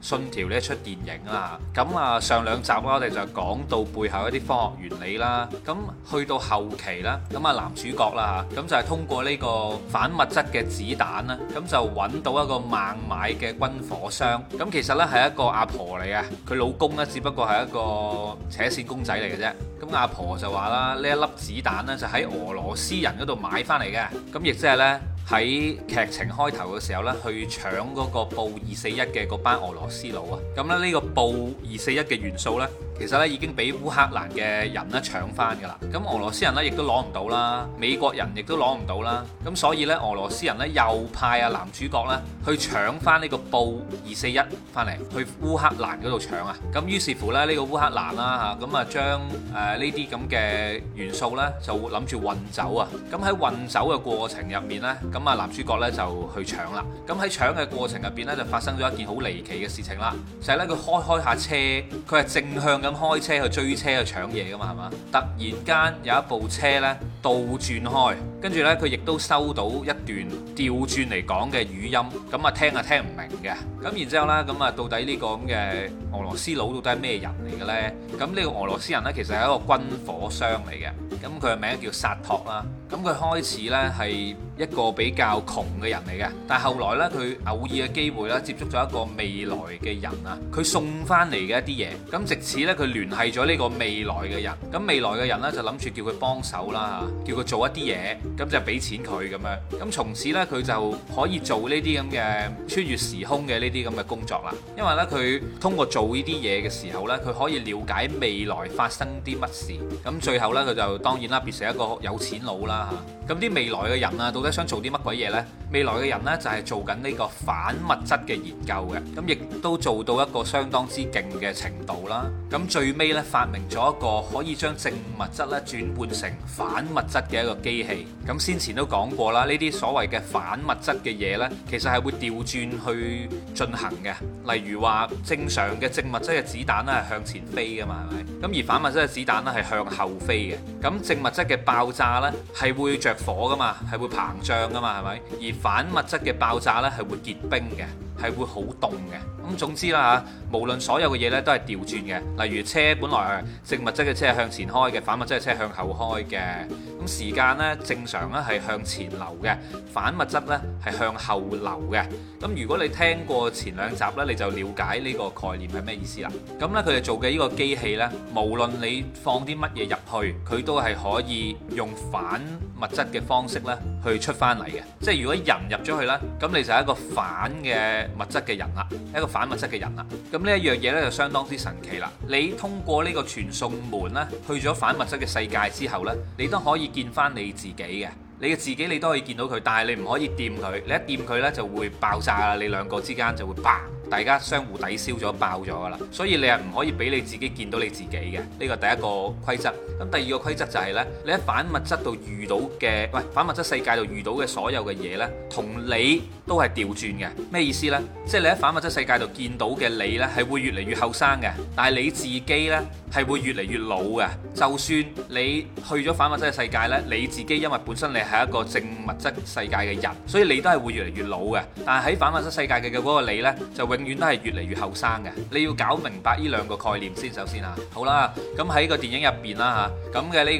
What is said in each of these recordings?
信條呢一出電影啦，咁啊上兩集啦，我哋就講到背後一啲科學原理啦。咁去到後期啦，咁啊男主角啦，咁就係通過呢個反物質嘅子彈啦，咁就揾到一個孟買嘅軍火商。咁其實呢係一個阿婆嚟嘅，佢老公呢只不過係一個扯線公仔嚟嘅啫。咁阿婆就話啦，呢一粒子彈呢就喺俄羅斯人嗰度買翻嚟嘅，咁亦即係呢。喺劇情開頭嘅時候呢，去搶嗰個鈈二四一嘅嗰班俄羅斯佬啊！咁咧呢個鈈二四一嘅元素呢，其實咧已經俾烏克蘭嘅人咧搶翻㗎啦，咁俄羅斯人咧亦都攞唔到啦，美國人亦都攞唔到啦，咁所以呢，俄羅斯人呢，又派啊男主角呢去搶翻呢個布二四一翻嚟去烏克蘭嗰度搶啊，咁於是乎咧呢、呢個烏克蘭啦嚇咁啊將誒呢啲咁嘅元素呢，就諗住運走啊，咁喺運走嘅過程入面呢，咁啊男主角呢就去搶啦，咁喺搶嘅過程入邊呢，就發生咗一件好離奇嘅事情啦，就係呢，佢開開下車，佢係正向嘅。咁開車去追車去搶嘢㗎嘛，係嘛？突然間有一部車呢倒轉開，跟住呢，佢亦都收到一段調轉嚟講嘅語音，咁啊聽啊聽唔明嘅。咁然之後咧，咁啊到底呢個咁嘅俄羅斯佬到底係咩人嚟嘅呢？咁、這、呢個俄羅斯人呢，其實係一個軍火商嚟嘅，咁佢嘅名叫薩托啦。咁佢開始呢係一個比較窮嘅人嚟嘅，但係後來呢，佢偶爾嘅機會咧接觸咗一個未來嘅人啊，佢送翻嚟嘅一啲嘢，咁直至呢，佢聯繫咗呢個未來嘅人，咁未來嘅人呢，就諗住叫佢幫手啦，叫佢做一啲嘢，咁就俾錢佢咁樣，咁從此呢，佢就可以做呢啲咁嘅穿越時空嘅呢啲咁嘅工作啦，因為呢，佢通過做呢啲嘢嘅時候呢，佢可以了解未來發生啲乜事，咁最後呢，佢就當然啦，變成一個有錢佬啦。咁啲未來嘅人啊，到底想做啲乜鬼嘢呢？未來嘅人呢，就係做緊呢個反物質嘅研究嘅，咁亦都做到一個相當之勁嘅程度啦。咁最尾呢，發明咗一個可以將正物質咧轉換成反物質嘅一個機器。咁先前都講過啦，呢啲所謂嘅反物質嘅嘢呢，其實係會調轉去進行嘅。例如話正常嘅正物質嘅子彈咧係向前飛㗎嘛，係咪？咁而反物質嘅子彈咧係向後飛嘅。咁正物質嘅爆炸呢係係會着火噶嘛，係會膨脹噶嘛，係咪？而反物質嘅爆炸咧，係會結冰嘅。係會好凍嘅。咁總之啦嚇，無論所有嘅嘢咧都係調轉嘅。例如車，本來正物質嘅車係向前開嘅，反物質嘅車向後開嘅。咁時間咧，正常咧係向前流嘅，反物質咧係向後流嘅。咁如果你聽過前兩集咧，你就了解呢個概念係咩意思啦。咁咧，佢哋做嘅呢個機器咧，無論你放啲乜嘢入去，佢都係可以用反物質嘅方式咧去出翻嚟嘅。即係如果人入咗去咧，咁你就係一個反嘅物質嘅人啦，一個反物質嘅人啦，咁呢一樣嘢呢，就相當之神奇啦。你通過呢個傳送門呢，去咗反物質嘅世界之後呢，你都可以見返你自己嘅，你嘅自己你都可以見到佢，但係你唔可以掂佢，你一掂佢呢，就會爆炸啦，你兩個之間就會爆。大家相互抵消咗，爆咗噶啦，所以你係唔可以俾你自己見到你自己嘅，呢個第一個規則。咁第二個規則就係咧，你喺反物質度遇到嘅，喂，反物質世界度遇到嘅所有嘅嘢咧，同你都係調轉嘅。咩意思咧？即係你喺反物質世界度見到嘅你咧，係會越嚟越後生嘅，但係你自己咧，係會越嚟越老嘅。就算你去咗反物質嘅世界咧，你自己因為本身你係一個正物質世界嘅人，所以你都係會越嚟越老嘅。但係喺反物質世界嘅嗰個你咧，就會永遠都係越嚟越後生嘅，你要搞明白呢兩個概念先，首先啊，好啦，咁喺個電影入邊啦嚇，咁嘅呢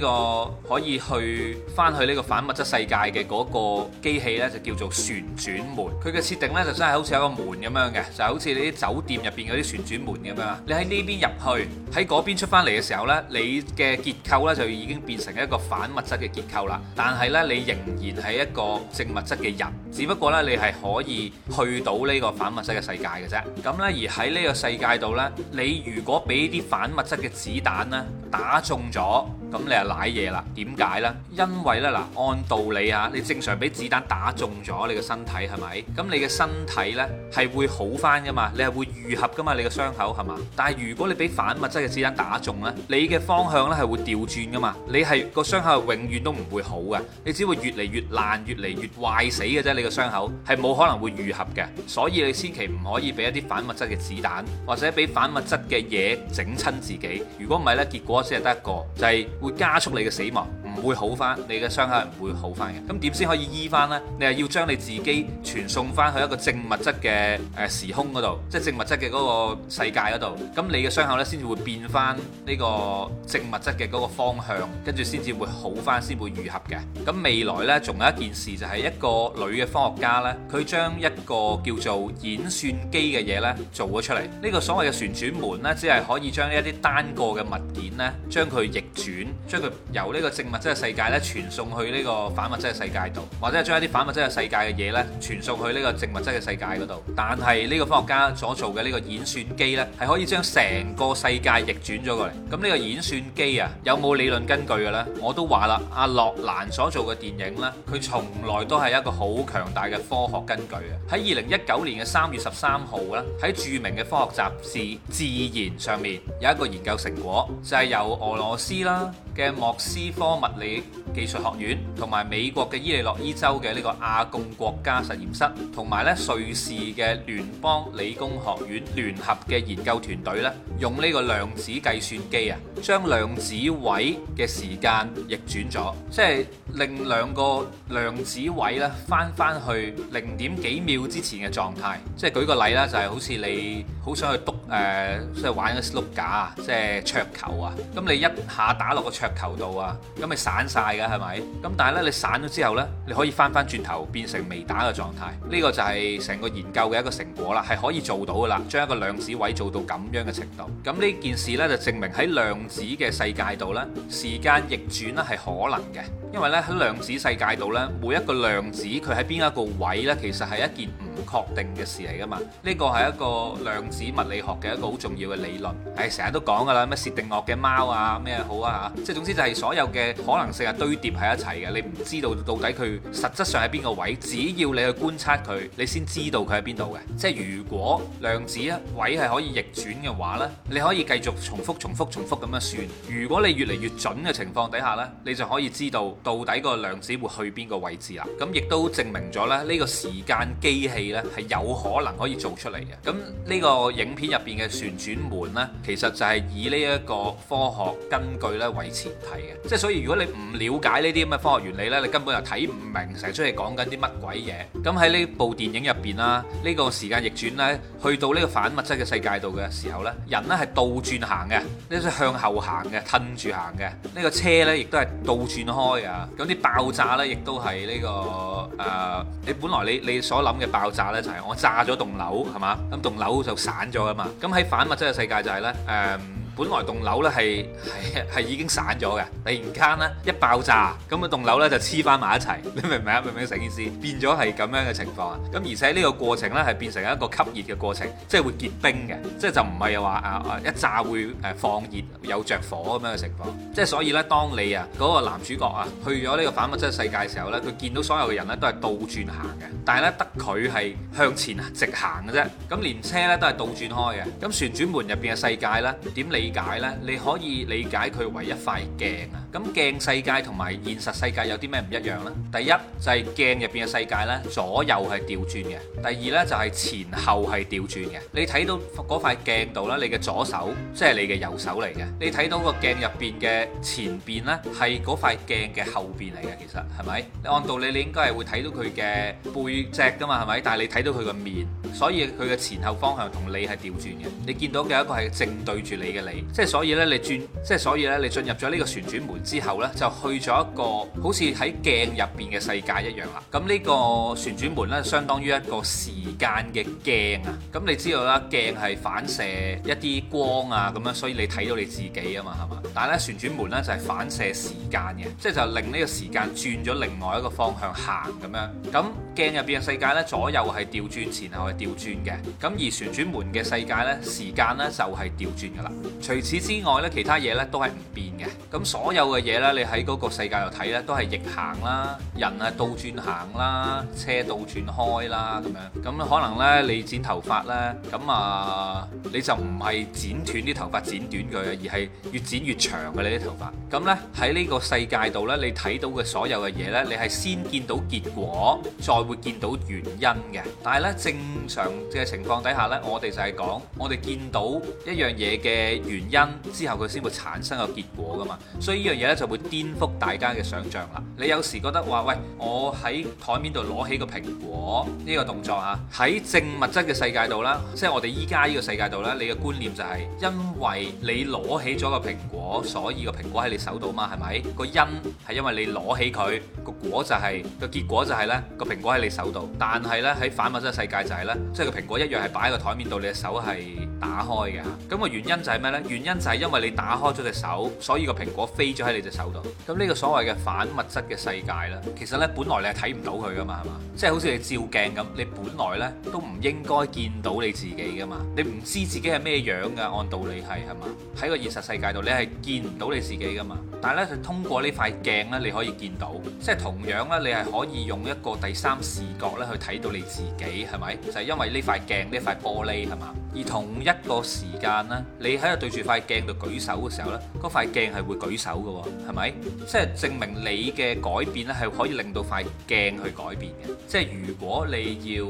個可以去翻去呢個反物質世界嘅嗰個機器呢，就叫做旋轉門。佢嘅設定呢，就真係好似有個門咁樣嘅，就好似你啲酒店入邊嗰啲旋轉門咁樣。你喺呢邊入去，喺嗰邊出翻嚟嘅時候呢，你嘅結構呢，就已經變成一個反物質嘅結構啦。但係呢，你仍然係一個正物質嘅人，只不過呢，你係可以去到呢個反物質嘅世界嘅。咁呢，而喺呢個世界度呢，你如果俾啲反物質嘅子彈呢打中咗。咁你啊攋嘢啦？點解呢？因為呢，嗱，按道理啊，你正常俾子彈打中咗你嘅身體係咪？咁你嘅身體呢，係會好翻噶嘛？你係會愈合噶嘛？你個傷口係嘛？但係如果你俾反物質嘅子彈打中呢，你嘅方向呢係會調轉噶嘛？你係、那個傷口永遠都唔會好噶，你只會越嚟越爛，越嚟越壞死嘅啫。你個傷口係冇可能會愈合嘅，所以你千祈唔可以俾一啲反物質嘅子彈或者俾反物質嘅嘢整親自己。如果唔係呢，結果先係得一個就係、是。會加速你嘅死亡。會好翻，你嘅傷口係唔會好翻嘅。咁點先可以醫翻呢？你係要將你自己傳送翻去一個正物質嘅誒時空嗰度，即係正物質嘅嗰個世界嗰度。咁你嘅傷口呢，先至會變翻呢個正物質嘅嗰個方向，跟住先至會好翻，先會愈合嘅。咁未來呢，仲有一件事就係、是、一個女嘅科學家呢，佢將一個叫做演算機嘅嘢呢做咗出嚟。呢、這個所謂嘅旋轉門呢，只係可以將呢一啲單個嘅物件呢，將佢逆轉，將佢由呢個正物質。嘅世界咧，傳送去呢個反物質嘅世界度，或者係將一啲反物質嘅世界嘅嘢咧，傳送去呢個正物質嘅世界嗰度。但係呢個科學家所做嘅呢個演算機呢，係可以將成個世界逆轉咗過嚟。咁呢個演算機啊，有冇理論根據嘅呢？我都話啦，阿諾蘭所做嘅電影呢，佢從來都係一個好強大嘅科學根據啊！喺二零一九年嘅三月十三號呢，喺著名嘅科學雜誌《自然》上面有一個研究成果，就係、是、由俄羅斯啦。嘅莫斯科物理技術學院同埋美國嘅伊利諾伊州嘅呢個阿貢國家實驗室，同埋咧瑞士嘅聯邦理工學院聯合嘅研究團隊咧，用呢個量子計算機啊，將量子位嘅時間逆轉咗，即係令兩個量子位咧翻翻去零點幾秒之前嘅狀態，即係舉個例啦，就係、是、好似你好想去篤誒、呃、即係玩嗰碌架啊，即係桌球啊，咁你一下打落個桌球道啊，咁咪散晒噶係咪？咁但係呢，你散咗之後呢，你可以翻翻轉頭變成未打嘅狀態。呢、這個就係成個研究嘅一個成果啦，係可以做到噶啦，將一個量子位做到咁樣嘅程度。咁呢件事呢，就證明喺量子嘅世界度呢，時間逆轉咧係可能嘅。因為咧喺量子世界度咧，每一個量子佢喺邊一個位咧，其實係一件唔確定嘅事嚟噶嘛。呢、這個係一個量子物理學嘅一個好重要嘅理論。誒、哎，成日都講噶啦，咩薛定諤嘅貓啊，咩好啊，即係總之就係所有嘅可能性係堆疊喺一齊嘅，你唔知道到底佢實質上喺邊個位，只要你去觀察佢，你先知道佢喺邊度嘅。即係如果量子一位係可以逆轉嘅話呢，你可以繼續重複、重複、重複咁樣算。如果你越嚟越準嘅情況底下呢，你就可以知道。到底個量子會去邊個位置啦？咁亦都證明咗咧，呢個時間機器呢係有可能可以做出嚟嘅。咁呢個影片入邊嘅旋轉門呢，其實就係以呢一個科學根據呢為前提嘅。即係所以，如果你唔了解呢啲咁嘅科學原理呢，你根本就睇唔明，成日出嚟講緊啲乜鬼嘢。咁喺呢部電影入邊啦，呢個時間逆轉呢，去到呢個反物質嘅世界度嘅時候呢，人呢係倒轉行嘅，呢啲向後行嘅，吞住行嘅。呢個車呢亦都係倒轉開嘅。咁啲爆炸呢，亦都係呢個誒，呃，你本來你你所諗嘅爆炸呢，就係我炸咗棟樓係嘛，咁棟樓就散咗㗎嘛，咁喺反物質嘅世界就係呢，誒、呃。本來棟樓咧係係係已經散咗嘅，突然間咧一爆炸，咁啊棟樓咧就黐翻埋一齊，你明唔明啊？明唔明成件事變咗係咁樣嘅情況啊？咁而且呢個過程咧係變成一個吸熱嘅過程，即係會結冰嘅，即係就唔係話啊一炸會誒放熱有着火咁樣嘅情況。即係所以咧，當你啊嗰個男主角啊去咗呢個反物質世界嘅時候咧，佢見到所有嘅人咧都係倒轉行嘅，但係咧得佢係向前直行嘅啫。咁連車咧都係倒轉開嘅。咁旋轉門入邊嘅世界咧點理？理解咧，你可以理解佢為一塊鏡啊。咁鏡世界同埋現實世界有啲咩唔一樣呢？第一就係鏡入邊嘅世界咧，左右係調轉嘅。第二呢，就係前後係調轉嘅。你睇到嗰塊鏡度啦，你嘅左手即係你嘅右手嚟嘅。你睇到個鏡入邊嘅前邊咧，係嗰塊鏡嘅後邊嚟嘅。其實係咪？你按道理你應該係會睇到佢嘅背脊噶嘛，係咪？但係你睇到佢個面，所以佢嘅前後方向同你係調轉嘅。你見到嘅一個係正對住你嘅你。即係所以咧，你轉，即係所以咧，你進入咗呢個旋轉門之後呢，就去咗一個好似喺鏡入邊嘅世界一樣啦。咁呢個旋轉門呢，相當於一個時間嘅鏡啊。咁你知道啦，鏡係反射一啲光啊，咁樣所以你睇到你自己啊嘛，係嘛？但係咧，旋轉門呢，就係、是、反射時間嘅，即係就令呢個時間轉咗另外一個方向行咁樣。咁鏡入邊嘅世界呢，左右係調轉，前後係調轉嘅。咁而旋轉門嘅世界呢，時間呢，就係、是、調轉噶啦。除此之外咧，其他嘢咧都係唔變嘅。咁所有嘅嘢咧，你喺嗰個世界度睇咧，都係逆行啦，人啊倒轉行啦，車倒轉開啦，咁樣。咁可能咧，你剪頭髮咧，咁啊、呃、你就唔係剪斷啲頭髮，剪短佢啊，而係越剪越長嘅你啲頭髮。咁呢，喺呢個世界度咧，你睇到嘅所有嘅嘢咧，你係先見到結果，再會見到原因嘅。但係咧，正常嘅情況底下咧，我哋就係講，我哋見到一樣嘢嘅。原因之後佢先會產生個結果噶嘛，所以呢樣嘢呢，就會顛覆大家嘅想像啦。你有時覺得話喂，我喺台面度攞起個蘋果呢個動作啊，喺正物質嘅世界度啦，即係我哋依家呢個世界度呢，你嘅觀念就係因為你攞起咗個蘋果，所以個蘋果喺你手度嘛，係咪？個因係因為你攞起佢，個果就係個結果就係呢個蘋果喺你手度。但係呢，喺反物質世界就係呢，即係個蘋果一樣係擺喺個台面度，你嘅手係打開嘅嚇。咁個原因就係咩呢？原因就係因為你打開咗隻手，所以個蘋果飛咗喺你隻手度。咁呢個所謂嘅反物質嘅世界咧，其實呢，本來你係睇唔到佢噶嘛，係嘛？即係好似你照鏡咁，你本來呢都唔應該見到你自己噶嘛。你唔知自己係咩樣噶，按道理係係嘛？喺個現實世界度，你係見唔到你自己噶嘛。但係咧，佢通過呢塊鏡咧，你可以見到，即係同樣咧，你係可以用一個第三視角咧去睇到你自己，係咪？就係因為呢塊鏡、呢塊玻璃係嘛？而同一個時間咧，你喺度對住塊鏡度舉手嘅時候咧，嗰塊鏡係會舉手嘅，係咪？即係證明你嘅改變咧，係可以令到塊鏡去改變嘅。即係如果你要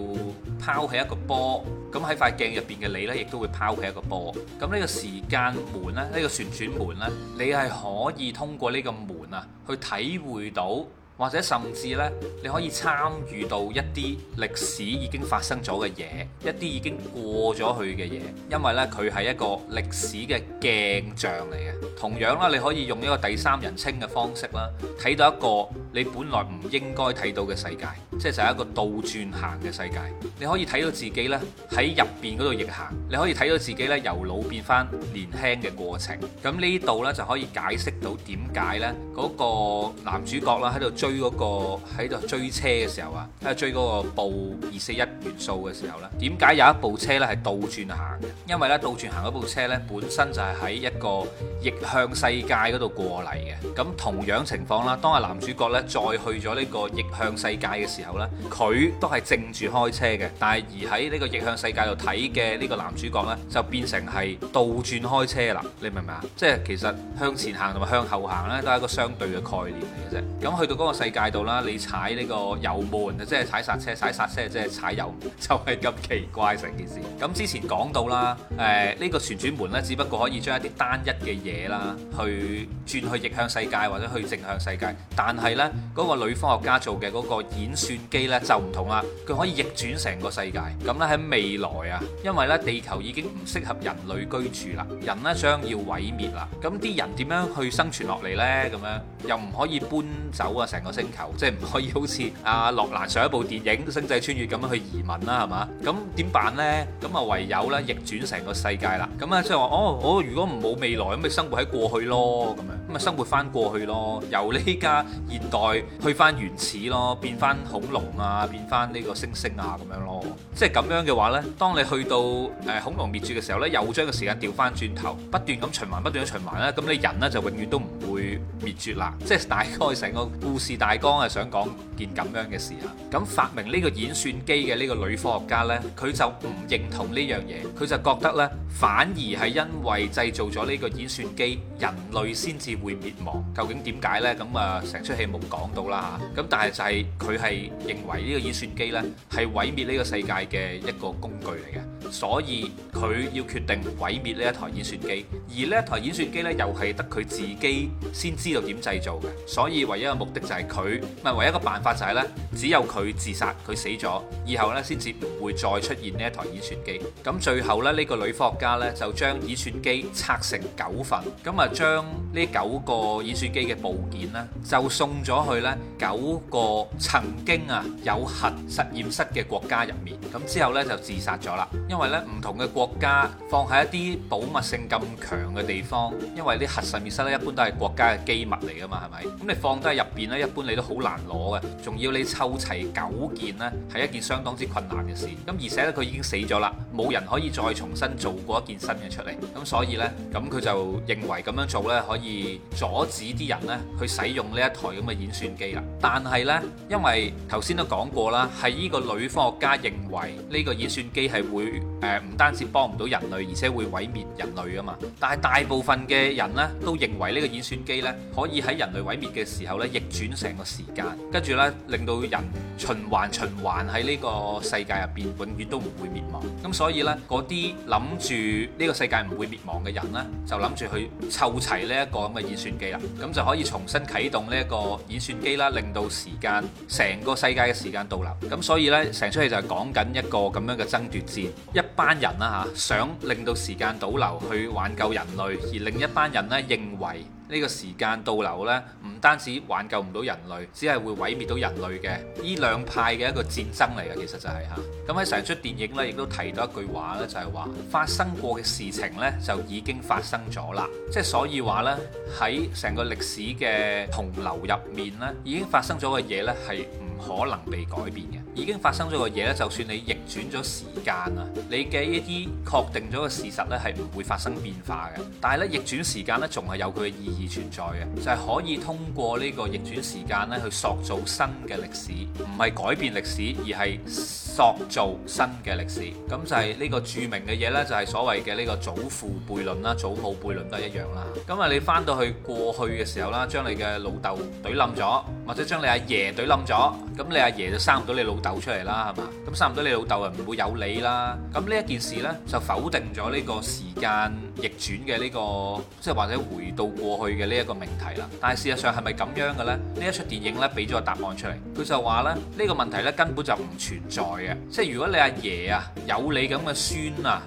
拋起一個波，咁喺塊鏡入邊嘅你咧，亦都會拋起一個波。咁呢個時間門咧，呢個旋轉門咧，你係可以。通過呢個門啊，去體會到，或者甚至咧，你可以參與到一啲歷史已經發生咗嘅嘢，一啲已經過咗去嘅嘢，因為咧，佢係一個歷史嘅鏡像嚟嘅。同樣啦，你可以用一個第三人稱嘅方式啦，睇到一個你本來唔應該睇到嘅世界。即係就係一個倒轉行嘅世界，你可以睇到自己呢喺入邊嗰度逆行，你可以睇到自己呢由老變返年輕嘅過程。咁呢度呢就可以解釋到點解呢嗰個男主角啦喺度追嗰個喺度追車嘅時候啊，喺度追嗰個鈈二四一元素嘅時候呢，點解有一部車呢係倒轉行？因為呢倒轉行嗰部車呢本身就係喺一個逆向世界嗰度過嚟嘅。咁同樣情況啦，當係男主角呢再去咗呢個逆向世界嘅時候。有咧，佢都係正住開車嘅，但係而喺呢個逆向世界度睇嘅呢個男主角呢，就變成係倒轉開車啦。你明唔明啊？即係其實向前行同埋向後行呢，都係一個相對嘅概念嚟嘅啫。咁去到嗰個世界度啦，你踩呢個油門，即係踩煞車，踩煞車即係踩油門，就係、是、咁奇怪成件事。咁之前講到啦，誒、呃、呢、這個旋轉門呢，只不過可以將一啲單一嘅嘢啦，去轉去逆向世界或者去正向世界，但係呢，嗰、那個女科學家做嘅嗰個演說。機咧就唔同啦，佢可以逆轉成個世界。咁咧喺未來啊，因為咧地球已經唔適合人類居住啦，人咧將要毀滅啦。咁啲人點樣去生存落嚟咧？咁樣又唔可以搬走啊，成個星球，即係唔可以好似阿諾蘭上一部電影星際穿越咁樣去移民啦，係嘛？咁點辦咧？咁啊唯有咧逆轉成個世界啦。咁啊即係話哦，我如果唔冇未來，咁咪生活喺過去咯，咁樣咁啊生活翻過去咯，由呢家現代去翻原始咯，變翻好。龍啊變翻呢個星星啊咁樣咯，即係咁樣嘅話呢，當你去到誒恐龍滅絕嘅時候呢，又將個時間調翻轉頭，不斷咁循環，不斷咁循環啦。咁你人呢，就永遠都唔會滅絕啦。即係大概成個故事大綱係，想講件咁樣嘅事啊。咁發明呢個演算機嘅呢個女科學家呢，佢就唔認同呢樣嘢，佢就覺得呢，反而係因為製造咗呢個演算機，人類先至會滅亡。究竟點解呢？咁、嗯、啊，成出戲冇講到啦吓。咁、嗯、但係就係佢係。認為呢個演算機咧係毀滅呢個世界嘅一個工具嚟嘅，所以佢要決定毀滅呢一台演算機，而呢一台演算機咧又係得佢自己先知道點製造嘅，所以唯一嘅目的就係佢，唔係唯一嘅辦法就係咧只有佢自殺，佢死咗以後咧先至唔會再出現呢一台演算機。咁最後咧呢個女科學家咧就將演算機拆成九份，咁啊將呢九個演算機嘅部件咧就送咗去咧九個曾經，啊，有核實驗室嘅國家入面，咁之後呢就自殺咗啦。因為呢唔同嘅國家放喺一啲保密性咁強嘅地方，因為啲核實驗室呢一般都係國家嘅機密嚟㗎嘛，係咪？咁你放低入邊呢，一般你都好難攞嘅，仲要你抽齊九件呢，係一件相當之困難嘅事。咁而且咧佢已經死咗啦，冇人可以再重新做過一件新嘅出嚟。咁所以呢，咁佢就認為咁樣做呢，可以阻止啲人呢去使用呢一台咁嘅演算機啦。但係呢，因為頭先都講過啦，係呢個女科學家認為呢、這個演算機係會誒唔、呃、單止幫唔到人類，而且會毀滅人類啊嘛。但係大部分嘅人呢，都認為呢個演算機呢，可以喺人類毀滅嘅時候呢，逆轉成個時間，跟住呢，令到人循環循環喺呢個世界入邊永遠都唔會滅亡。咁所以呢，嗰啲諗住呢個世界唔會滅亡嘅人呢，就諗住去湊齊呢一個咁嘅演算機啦，咁就可以重新啟動呢一個演算機啦，令到時間成個，世界嘅時間倒流咁，所以呢，成出戲就係講緊一個咁樣嘅爭奪戰。一班人啦、啊、嚇，想令到時間倒流去挽救人類，而另一班人呢、啊，認為呢個時間倒流呢，唔單止挽救唔到人類，只係會毀滅到人類嘅。呢兩派嘅一個戰爭嚟嘅，其實就係、是、嚇、啊。咁喺成出電影呢，亦都提到一句話呢就係、是、話發生過嘅事情呢，就已經發生咗啦。即係所以話呢，喺成個歷史嘅洪流入面呢，已經發生咗嘅嘢呢，係可能被改變嘅，已經發生咗個嘢咧。就算你逆轉咗時間啊，你嘅一啲確定咗嘅事實咧，係唔會發生變化嘅。但係咧逆轉時間咧，仲係有佢嘅意義存在嘅，就係可以通過呢個逆轉時間咧去塑造新嘅歷史，唔係改變歷史，而係。作造新嘅歷史，咁就係呢個著名嘅嘢咧，就係所謂嘅呢個祖父悖論啦、祖母悖論都係一樣啦。咁啊，你翻到去過去嘅時候啦，將你嘅老豆懟冧咗，或者將你阿爺懟冧咗，咁你阿爺就生唔到你老豆出嚟啦，係嘛？咁生唔到你老豆啊，唔會有你啦。咁呢一件事咧，就否定咗呢個時間。逆轉嘅呢個，即係或者回到過去嘅呢一個命題啦。但係事實上係咪咁樣嘅呢？呢一出電影咧，俾咗個答案出嚟。佢就話咧，呢個問題咧，根本就唔存在嘅。即係如果你阿爺啊，有你咁嘅孫啊。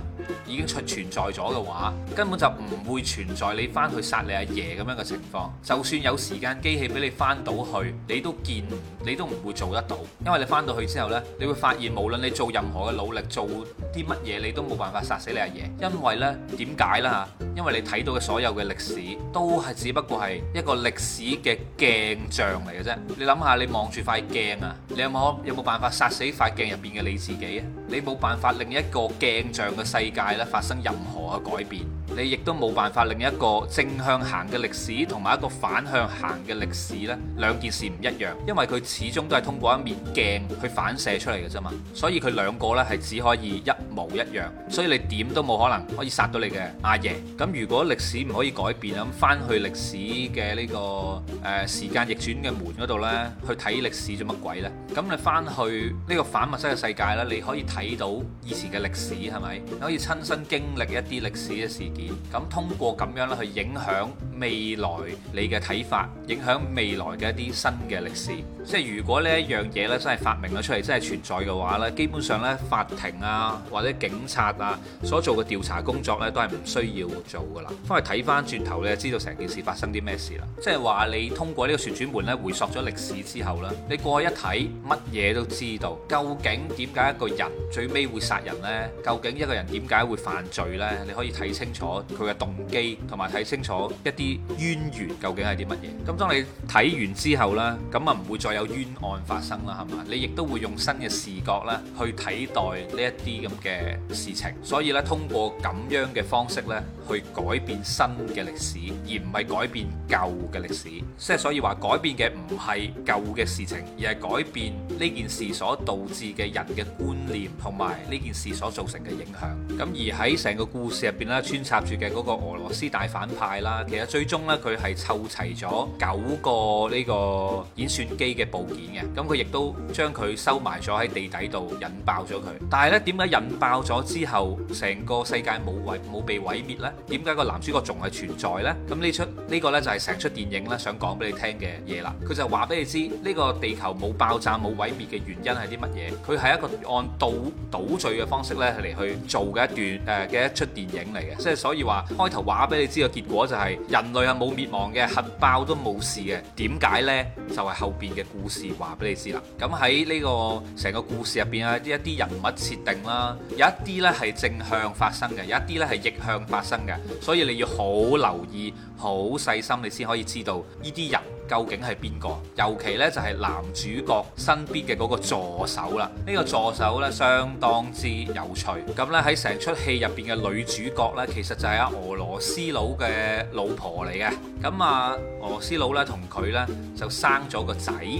已經出存在咗嘅話，根本就唔會存在你翻去殺你阿爺咁樣嘅情況。就算有時間機器俾你翻到去，你都見你都唔會做得到，因為你翻到去之後呢，你會發現無論你做任何嘅努力，做啲乜嘢，你都冇辦法殺死你阿爺。因為呢，點解啦？因為你睇到嘅所有嘅歷史都係只不過係一個歷史嘅鏡像嚟嘅啫。你諗下，你望住塊鏡啊，你有冇有冇辦法殺死塊鏡入邊嘅你自己啊？你冇辦法，另一個鏡像嘅世界。世界發生任何嘅改變。你亦都冇辦法令一個正向行嘅歷史同埋一個反向行嘅歷史咧，兩件事唔一樣，因為佢始終都係通過一面鏡去反射出嚟嘅啫嘛，所以佢兩個呢係只可以一模一樣，所以你點都冇可能可以殺到你嘅阿爺。咁、啊、如果歷史唔可以改變，咁翻去歷史嘅呢、呢個誒、呃、時間逆轉嘅門嗰度呢，去睇歷史做乜鬼呢？咁你翻去呢個反物質嘅世界呢，你可以睇到以前嘅歷史係咪？你可以親身經歷一啲歷史嘅事件。咁通過咁樣咧，去影響未來，你嘅睇法，影響未來嘅一啲新嘅歷史。即係如果呢一樣嘢咧，真係發明咗出嚟，真係存在嘅話咧，基本上咧，法庭啊，或者警察啊，所做嘅調查工作咧，都係唔需要做噶啦。翻去睇翻轉頭咧，知道成件事發生啲咩事啦。即係話你通過呢個旋轉門呢，回溯咗歷史之後咧，你過去一睇，乜嘢都知道。究竟點解一個人最尾會殺人呢？究竟一個人點解會犯罪呢？你可以睇清楚佢嘅動機，同埋睇清楚一啲淵源究竟係啲乜嘢。咁當你睇完之後呢，咁啊唔會再。有冤案發生啦，係嘛？你亦都會用新嘅視角咧，去睇待呢一啲咁嘅事情。所以咧，通過咁樣嘅方式咧，去改變新嘅歷史，而唔係改變舊嘅歷史。即係所以話改變嘅唔係舊嘅事情，而係改變呢件事所導致嘅人嘅觀念，同埋呢件事所造成嘅影響。咁而喺成個故事入邊咧穿插住嘅嗰個俄羅斯大反派啦，其實最終咧佢係湊齊咗九個呢個演算機嘅嘅部件嘅，咁佢亦都將佢收埋咗喺地底度，引爆咗佢。但係咧，點解引爆咗之後，成個世界冇毀冇被毀滅咧？點解個男主角仲係存在咧？咁呢出呢個咧就係成出電影咧想講俾你聽嘅嘢啦。佢就話俾你知呢個地球冇爆炸冇毀滅嘅原因係啲乜嘢？佢係一個按倒倒敘嘅方式咧嚟去做嘅一段誒嘅一出電影嚟嘅。即係所以話開頭話俾你知嘅結果就係人類係冇滅亡嘅，核爆都冇事嘅。點解咧？就係後邊嘅。故事話俾你知啦，咁喺呢個成個故事入邊咧，一啲人物設定啦，有一啲呢係正向發生嘅，有一啲呢係逆向發生嘅，所以你要好留意、好細心，你先可以知道呢啲人究竟係邊個。尤其呢，就係男主角身邊嘅嗰個助手啦，呢個助手呢，相當之有趣。咁呢，喺成出戲入邊嘅女主角呢，其實就係阿俄羅斯佬嘅老婆嚟嘅。咁啊，俄羅斯佬呢，同佢呢，就生咗個仔。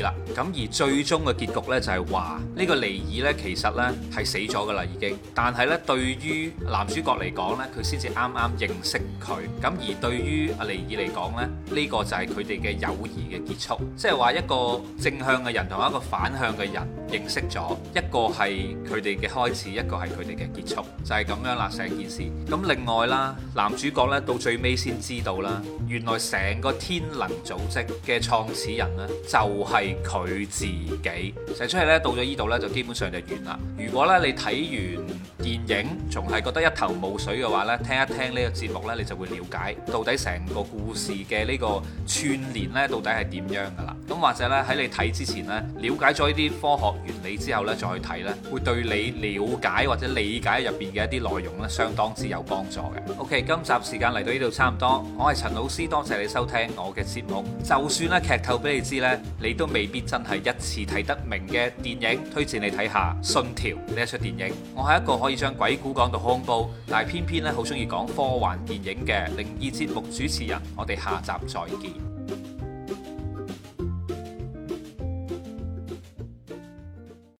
啦，咁而最終嘅結局呢，就係話呢個尼爾呢，其實呢係死咗噶啦已經了了，但係呢，對於男主角嚟講呢，佢先至啱啱認識佢，咁而對於阿尼爾嚟講呢，呢、這個就係佢哋嘅友誼嘅結束，即係話一個正向嘅人同一個反向嘅人認識咗，一個係佢哋嘅開始，一個係佢哋嘅結束，就係、是、咁樣啦，成件事。咁另外啦，男主角呢，到最尾先知道啦，原來成個天能組織嘅創始人呢，就係、是。係佢自己寫、就是、出嚟呢，到咗呢度呢就基本上就完啦。如果呢，你睇完電影仲係覺得一頭霧水嘅話呢，聽一聽呢個節目呢，你就會了解到底成個故事嘅呢個串聯呢，到底係點樣噶啦。咁或者呢，喺你睇之前呢，了解咗呢啲科學原理之後呢，再去睇呢，會對你了解或者理解入邊嘅一啲內容呢，相當之有幫助嘅。OK，今集時間嚟到呢度差唔多，我係陳老師，多謝你收聽我嘅節目。就算呢劇透俾你知呢，你都。未必真係一次睇得明嘅電影，推薦你睇下《信條》呢一出電影。我係一個可以將鬼故講到恐怖，但係偏偏咧好鍾意講科幻電影嘅靈異節目主持人。我哋下集再見。